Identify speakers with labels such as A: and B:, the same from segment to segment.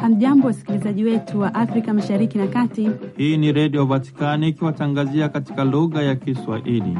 A: Hamjambo, wasikilizaji wetu wa Afrika mashariki na kati.
B: Hii ni Redio Vatikani ikiwatangazia katika lugha ya Kiswahili.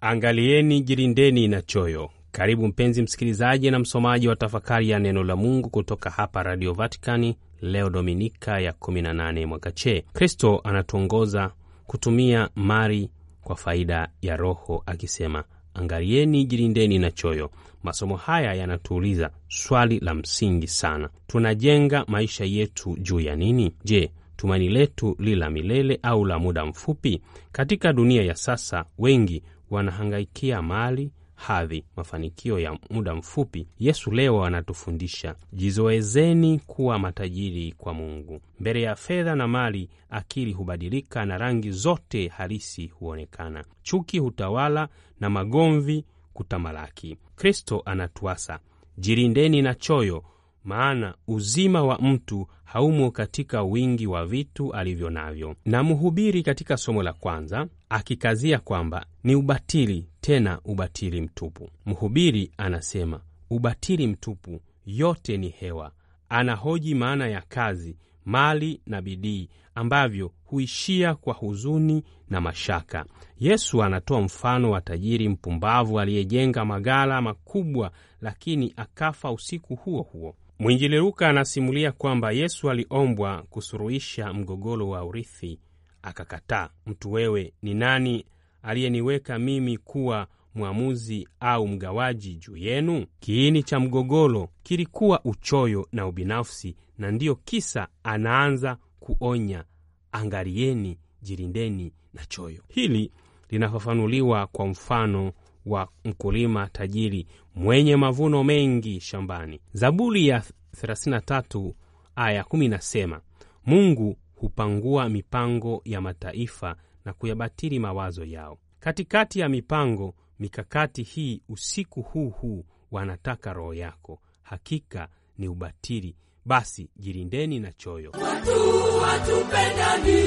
B: Angalieni, jirindeni na choyo. Karibu mpenzi msikilizaji na msomaji wa tafakari ya neno la Mungu kutoka hapa Radio vaticani Leo Dominika ya 18 mwaka che, Kristo anatuongoza kutumia mali kwa faida ya roho, akisema angalieni, jilindeni na choyo. Masomo haya yanatuuliza swali la msingi sana: tunajenga maisha yetu juu ya nini? Je, tumaini letu li la milele au la muda mfupi? Katika dunia ya sasa, wengi wanahangaikia mali hadhi, mafanikio ya muda mfupi, Yesu leo anatufundisha jizoezeni kuwa matajiri kwa Mungu. Mbele ya fedha na mali, akili hubadilika na rangi zote halisi huonekana. Chuki hutawala na magomvi kutamalaki. Kristo anatuasa jilindeni na choyo maana uzima wa mtu haumo katika wingi wa vitu alivyo navyo. Na mhubiri katika somo la kwanza akikazia kwamba ni ubatili, tena ubatili mtupu. Mhubiri anasema ubatili mtupu, yote ni hewa. Anahoji maana ya kazi, mali na bidii ambavyo huishia kwa huzuni na mashaka. Yesu anatoa mfano wa tajiri mpumbavu aliyejenga maghala makubwa, lakini akafa usiku huo huo. Mwinjili Luka anasimulia kwamba Yesu aliombwa kusuruhisha mgogoro wa urithi, akakataa. Mtu wewe ni nani aliyeniweka mimi kuwa mwamuzi au mgawaji juu yenu? Kiini cha mgogoro kilikuwa uchoyo na ubinafsi, na ndiyo kisa anaanza kuonya, angalieni, jirindeni na choyo. Hili linafafanuliwa kwa mfano wa mkulima tajiri mwenye mavuno mengi shambani. Zaburi ya 33 aya 10 inasema, Mungu hupangua mipango ya mataifa na kuyabatili mawazo yao. Katikati ya mipango mikakati hii, usiku huu huu wanataka roho yako, hakika ni ubatili. Basi jirindeni na choyo. Watu
A: watupendani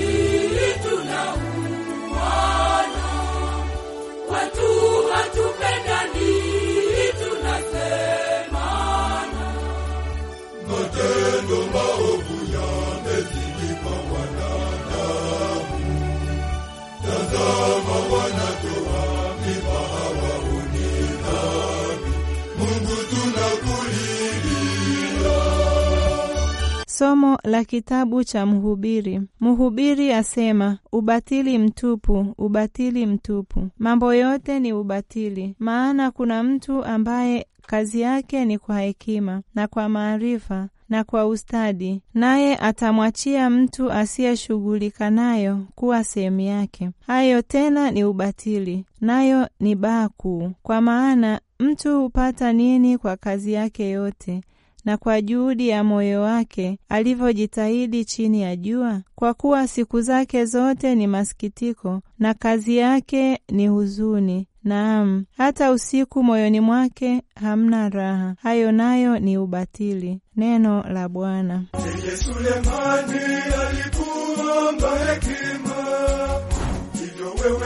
A: Somo la kitabu cha Mhubiri. Mhubiri asema, ubatili mtupu, ubatili mtupu, mambo yote ni ubatili. Maana kuna mtu ambaye kazi yake ni kwa hekima na kwa maarifa na kwa ustadi, naye atamwachia mtu asiyeshughulika nayo kuwa sehemu yake. Hayo tena ni ubatili, nayo ni baa kuu. Kwa maana mtu hupata nini kwa kazi yake yote? na kwa juhudi ya moyo wake alivyojitahidi chini ya jua? Kwa kuwa siku zake zote ni masikitiko na kazi yake ni huzuni, naam, hata usiku moyoni mwake hamna raha. Hayo nayo ni ubatili. Neno la Bwana.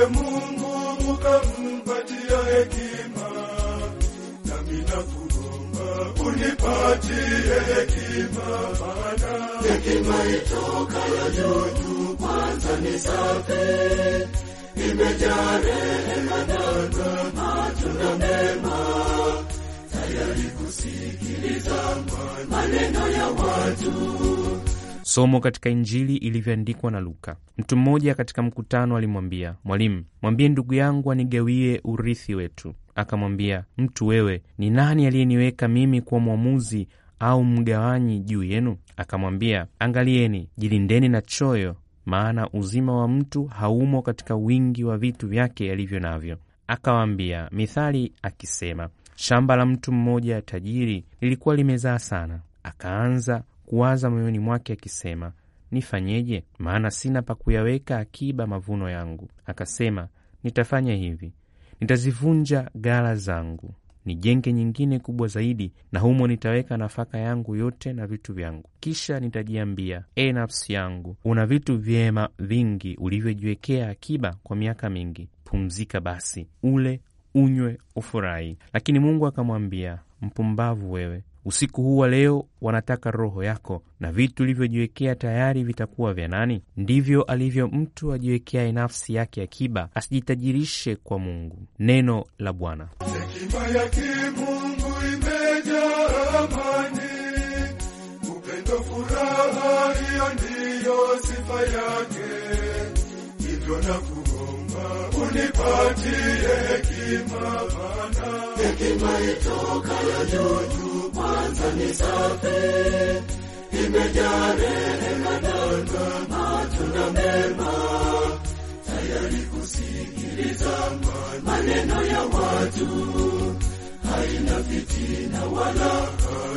A: Mungu hekima unipatie hekima, maana hekima itokayo juu kwanza ni safi, imejaa rehema na matunda mema, tayari kusikiliza maneno ya watu
C: Somo katika Injili ilivyoandikwa na Luka. Mtu mmoja katika mkutano alimwambia, Mwalimu, mwambie ndugu yangu anigawie urithi wetu. Akamwambia, mtu wewe, ni nani aliyeniweka mimi kuwa mwamuzi au mgawanyi juu yenu? Akamwambia, angalieni, jilindeni na choyo, maana uzima wa mtu haumo katika wingi wa vitu vyake alivyo navyo. Akawaambia mithali akisema, shamba la mtu mmoja tajiri lilikuwa limezaa sana, akaanza kuwaza moyoni mwake akisema, nifanyeje? Maana sina pa kuyaweka akiba mavuno yangu. Akasema, nitafanya hivi, nitazivunja ghala zangu, nijenge nyingine kubwa zaidi, na humo nitaweka nafaka yangu yote na vitu vyangu. Kisha nitajiambia, e nafsi yangu, una vitu vyema vingi ulivyojiwekea akiba kwa miaka mingi, pumzika basi, ule unywe, ufurahi. Lakini Mungu akamwambia, mpumbavu wewe, Usiku huu wa leo wanataka roho yako, na vitu ulivyojiwekea tayari vitakuwa vya nani? Ndivyo alivyo mtu ajiwekeaye nafsi yake akiba, asijitajirishe kwa Mungu. Neno la Bwana.
A: Hekima ya kimungu imejaa amani, upendo, furaha, hiyo ndiyo sifa yake. Hivyo na unipatie hekima Bwana, hekima itokayo juu kwanza ni safi imejaa rehema na matunda mema, tayari kusikiliza maneno ya watu, haina fitina wala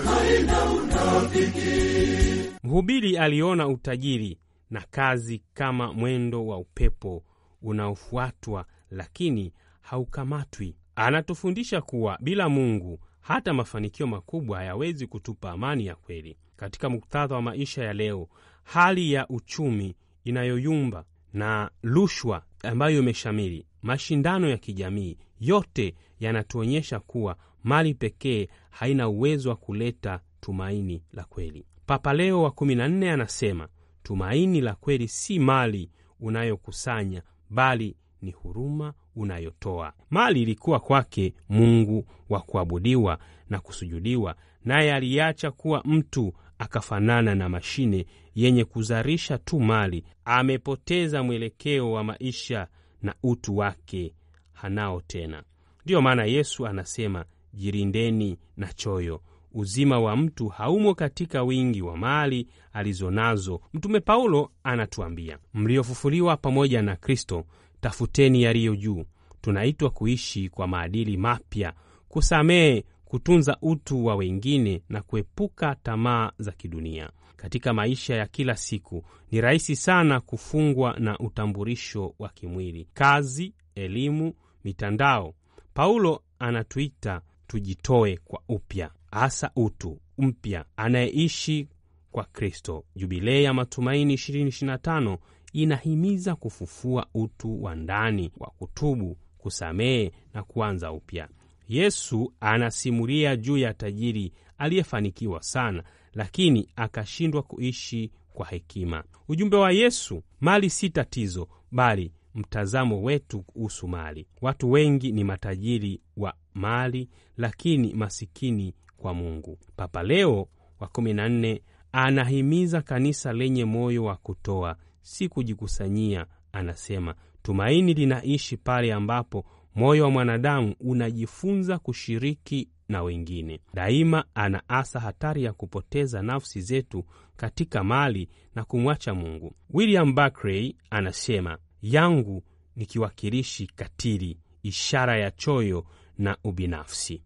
A: haina unafiki.
B: Mhubiri aliona utajiri na kazi kama mwendo wa upepo unaofuatwa lakini haukamatwi. Anatufundisha kuwa bila Mungu hata mafanikio makubwa hayawezi kutupa amani ya kweli. Katika muktadha wa maisha ya leo, hali ya uchumi inayoyumba na rushwa ambayo imeshamiri, mashindano ya kijamii, yote yanatuonyesha kuwa mali pekee haina uwezo wa kuleta tumaini la kweli. Papa Leo wa 14 anasema tumaini la kweli si mali unayokusanya bali ni huruma unayotoa. Mali ilikuwa kwake Mungu wa kuabudiwa na kusujudiwa, naye aliacha kuwa mtu akafanana na mashine yenye kuzalisha tu mali. Amepoteza mwelekeo wa maisha na utu wake hanao tena. Ndiyo maana Yesu anasema, jirindeni na choyo uzima wa mtu haumo katika wingi wa mali alizo nazo Mtume Paulo anatuambia, mliofufuliwa pamoja na Kristo, tafuteni yaliyo juu. Tunaitwa kuishi kwa maadili mapya, kusamehe, kutunza utu wa wengine na kuepuka tamaa za kidunia. Katika maisha ya kila siku ni rahisi sana kufungwa na utambulisho wa kimwili, kazi, elimu, mitandao. Paulo anatuita tujitoe kwa upya hasa utu mpya anayeishi kwa Kristo. Jubilei ya Matumaini 2025 inahimiza kufufua utu wa ndani wa kutubu, kusamehe na kuanza upya. Yesu anasimulia juu ya tajiri aliyefanikiwa sana, lakini akashindwa kuishi kwa hekima. Ujumbe wa Yesu, mali si tatizo, bali mtazamo wetu kuhusu mali. Watu wengi ni matajiri wa mali, lakini masikini kwa Mungu. Papa Leo wa 14 anahimiza kanisa lenye moyo wa kutoa, si kujikusanyia. Anasema tumaini linaishi pale ambapo moyo wa mwanadamu unajifunza kushiriki na wengine. Daima anaasa hatari ya kupoteza nafsi zetu katika mali na kumwacha Mungu. William Barclay anasema yangu ni kiwakilishi katili, ishara ya choyo na ubinafsi.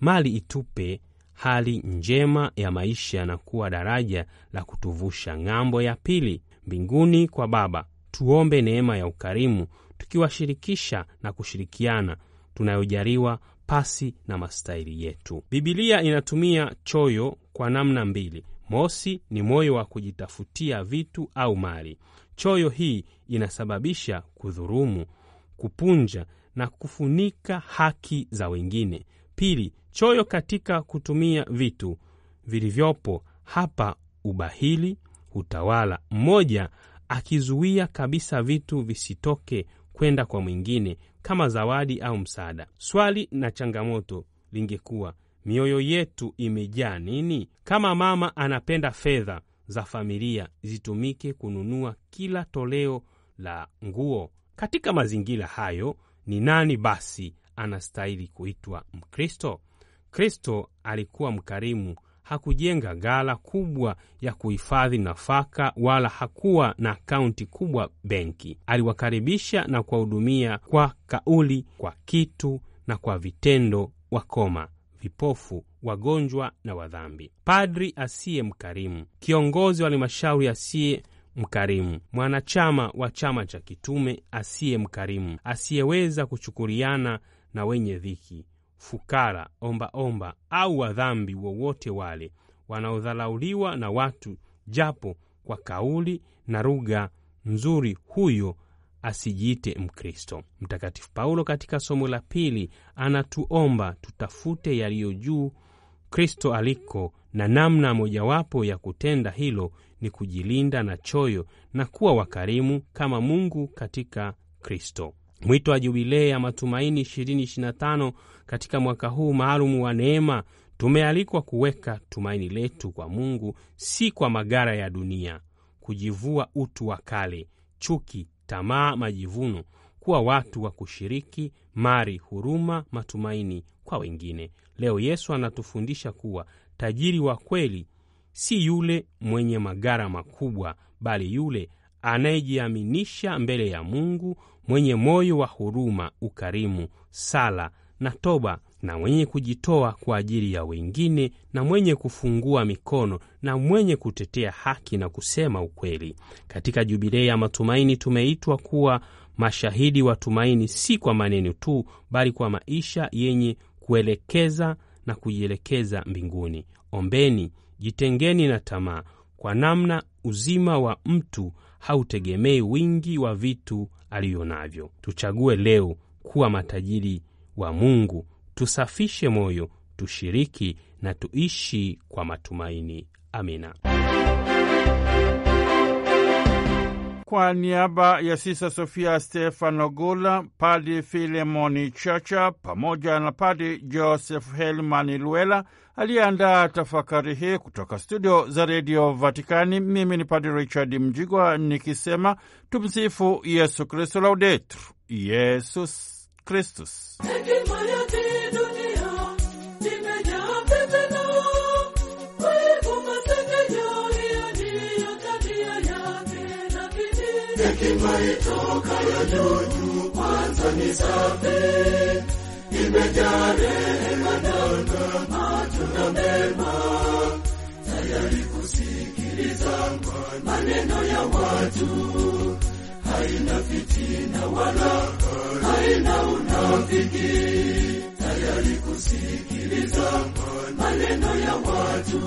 B: Mali itupe hali njema ya maisha na kuwa daraja la kutuvusha ng'ambo ya pili mbinguni kwa Baba. Tuombe neema ya ukarimu, tukiwashirikisha na kushirikiana tunayojaliwa pasi na mastahili yetu. Bibilia inatumia choyo kwa namna mbili. Mosi ni moyo wa kujitafutia vitu au mali. Choyo hii inasababisha kudhurumu, kupunja na kufunika haki za wengine. Pili choyo katika kutumia vitu vilivyopo hapa, ubahili hutawala, mmoja akizuia kabisa vitu visitoke kwenda kwa mwingine kama zawadi au msaada. Swali na changamoto lingekuwa mioyo yetu imejaa nini? Kama mama anapenda fedha za familia zitumike kununua kila toleo la nguo. Katika mazingira hayo, ni nani basi anastahili kuitwa Mkristo? Kristo alikuwa mkarimu, hakujenga ghala kubwa ya kuhifadhi nafaka wala hakuwa na akaunti kubwa benki. Aliwakaribisha na kuwahudumia kwa kauli, kwa kitu na kwa vitendo: wakoma, vipofu, wagonjwa na wadhambi. Padri asiye mkarimu, kiongozi wa halmashauri asiye mkarimu, mwanachama wa chama cha kitume asiye mkarimu, asiyeweza kuchukuliana na wenye dhiki, fukara, ombaomba au wadhambi wowote wale wanaodhalauliwa na watu, japo kwa kauli na lugha nzuri, huyo asijiite Mkristo. Mtakatifu Paulo katika somo la pili anatuomba tutafute yaliyo juu Kristo aliko, na namna mojawapo ya kutenda hilo ni kujilinda na choyo na kuwa wakarimu kama Mungu katika Kristo. Mwito wa Jubilei ya Matumaini 2025 katika mwaka huu maalum wa neema, tumealikwa kuweka tumaini letu kwa Mungu, si kwa magara ya dunia, kujivua utu wa kale, chuki, tamaa, majivuno, kuwa watu wa kushiriki mari, huruma, matumaini kwa wengine. Leo Yesu anatufundisha kuwa tajiri wa kweli si yule mwenye magara makubwa, bali yule anayejiaminisha mbele ya Mungu mwenye moyo wa huruma, ukarimu, sala na toba, na mwenye kujitoa kwa ajili ya wengine, na mwenye kufungua mikono, na mwenye kutetea haki na kusema ukweli. Katika Jubilei ya matumaini tumeitwa kuwa mashahidi wa tumaini, si kwa maneno tu, bali kwa maisha yenye kuelekeza na kujielekeza mbinguni. Ombeni, jitengeni na tamaa, kwa namna uzima wa mtu hautegemei wingi wa vitu aliyo navyo. Tuchague leo kuwa matajiri wa Mungu, tusafishe moyo, tushiriki na tuishi kwa matumaini. Amina kwa niaba ya Sisa Sofia Stefano Gula, Padi Filemoni Chacha pamoja na Padi Joseph Helmani Luela aliyeandaa tafakari hii kutoka studio za redio Vatikani. Mimi ni Padi Richard Mjigwa nikisema tumsifu Yesu Kristu, laudetur Yesus Kristus.
A: Tokayo juu juu kwanza ni safi, imejaa rehema na matunda mema, tayari kusikiliza maneno ya watu, haina fitina wala haina unafiki, tayari kusikiliza maneno ya watu,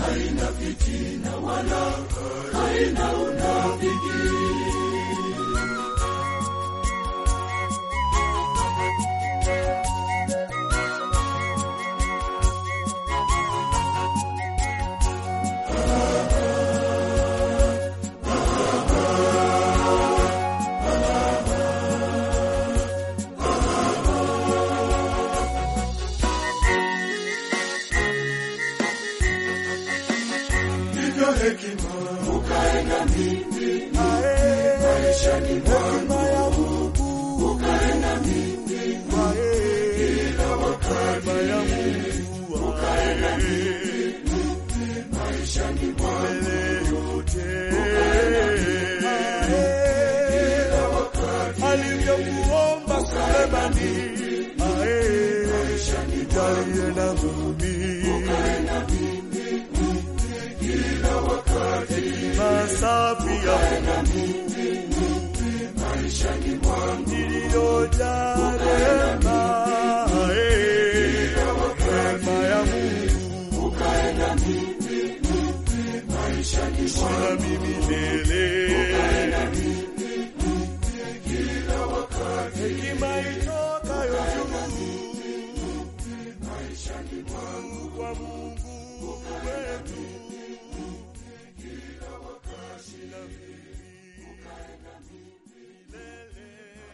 A: haina fitina wala haina unafiki. wish I